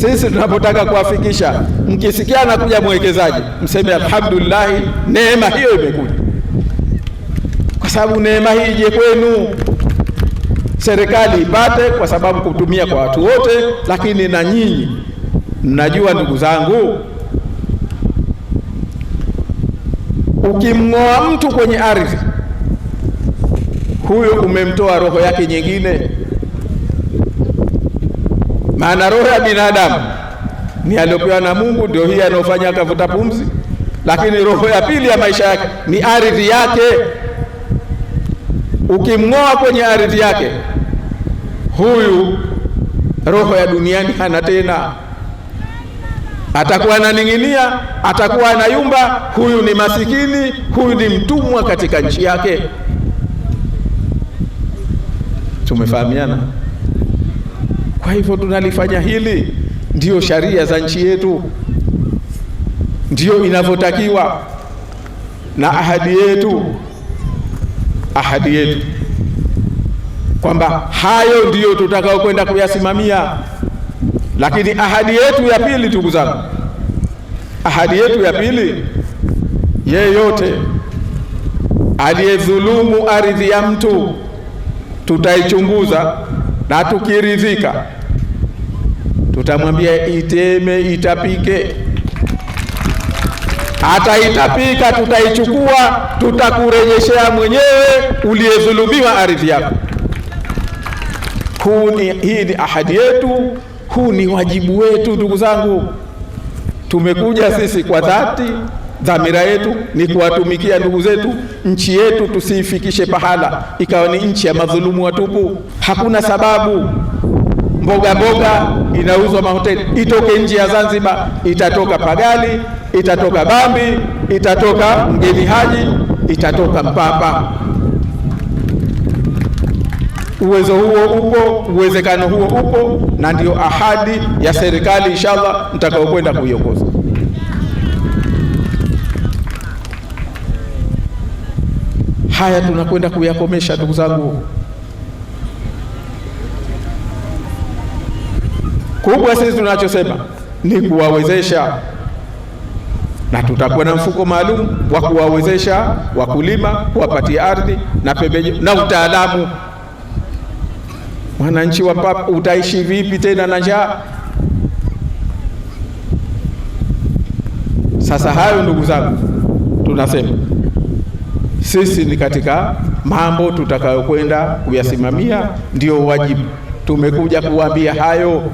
Sisi tunapotaka kuwafikisha, mkisikia anakuja mwekezaji, mseme alhamdulillah, neema hiyo imekuja, kwa sababu neema hii ije kwenu, serikali ipate, kwa sababu kutumia kwa watu wote. Lakini na nyinyi mnajua, ndugu zangu, ukimng'oa mtu kwenye ardhi, huyo umemtoa roho yake nyingine maana roho ya binadamu ni aliyopewa na Mungu, ndio hii anaofanya akavuta pumzi, lakini roho ya pili ya maisha yake ni ardhi yake. Ukimng'oa kwenye ardhi yake, huyu roho ya duniani hana tena, atakuwa ananing'inia, atakuwa anayumba. Huyu ni masikini, huyu ni mtumwa katika nchi yake. Tumefahamiana? Kwa hivyo tunalifanya hili, ndiyo sharia za nchi yetu, ndiyo inavyotakiwa na ahadi yetu, ahadi yetu kwamba hayo ndiyo tutakao kwenda kuyasimamia. Lakini ahadi yetu ya pili, ndugu zangu, ahadi yetu ya pili, yeyote aliyedhulumu ardhi ya mtu tutaichunguza na tukiridhika tutamwambia iteme, itapike. Hata itapika, tutaichukua, tutakurejeshea mwenyewe uliyedhulumiwa ardhi yako. Hii ni ahadi yetu, huu ni wajibu wetu. Ndugu zangu, tumekuja sisi kwa dhati, dhamira yetu ni kuwatumikia ndugu zetu, nchi yetu tusiifikishe pahala ikawa ni nchi ya madhulumu watupu. Hakuna sababu mboga mboga inauzwa mahoteli, itoke nje ya Zanzibar, itatoka Pagali, itatoka Bambi, itatoka Mgeni Haji, itatoka Mpapa. Uwezo huo upo, uwezekano huo upo, na ndio ahadi ya serikali inshallah nitakayokwenda kuiongoza. Haya tunakwenda kuyakomesha ndugu zangu. Kubwa sisi tunachosema ni kuwawezesha, na tutakuwa na mfuko maalum wa kuwawezesha wakulima, kuwapatia ardhi na pembejeo na utaalamu. Mwananchi wa papa utaishi vipi tena na njaa? Sasa hayo, ndugu zangu, tunasema sisi ni katika mambo tutakayokwenda kuyasimamia, ndio wajibu. Tumekuja kuwaambia hayo.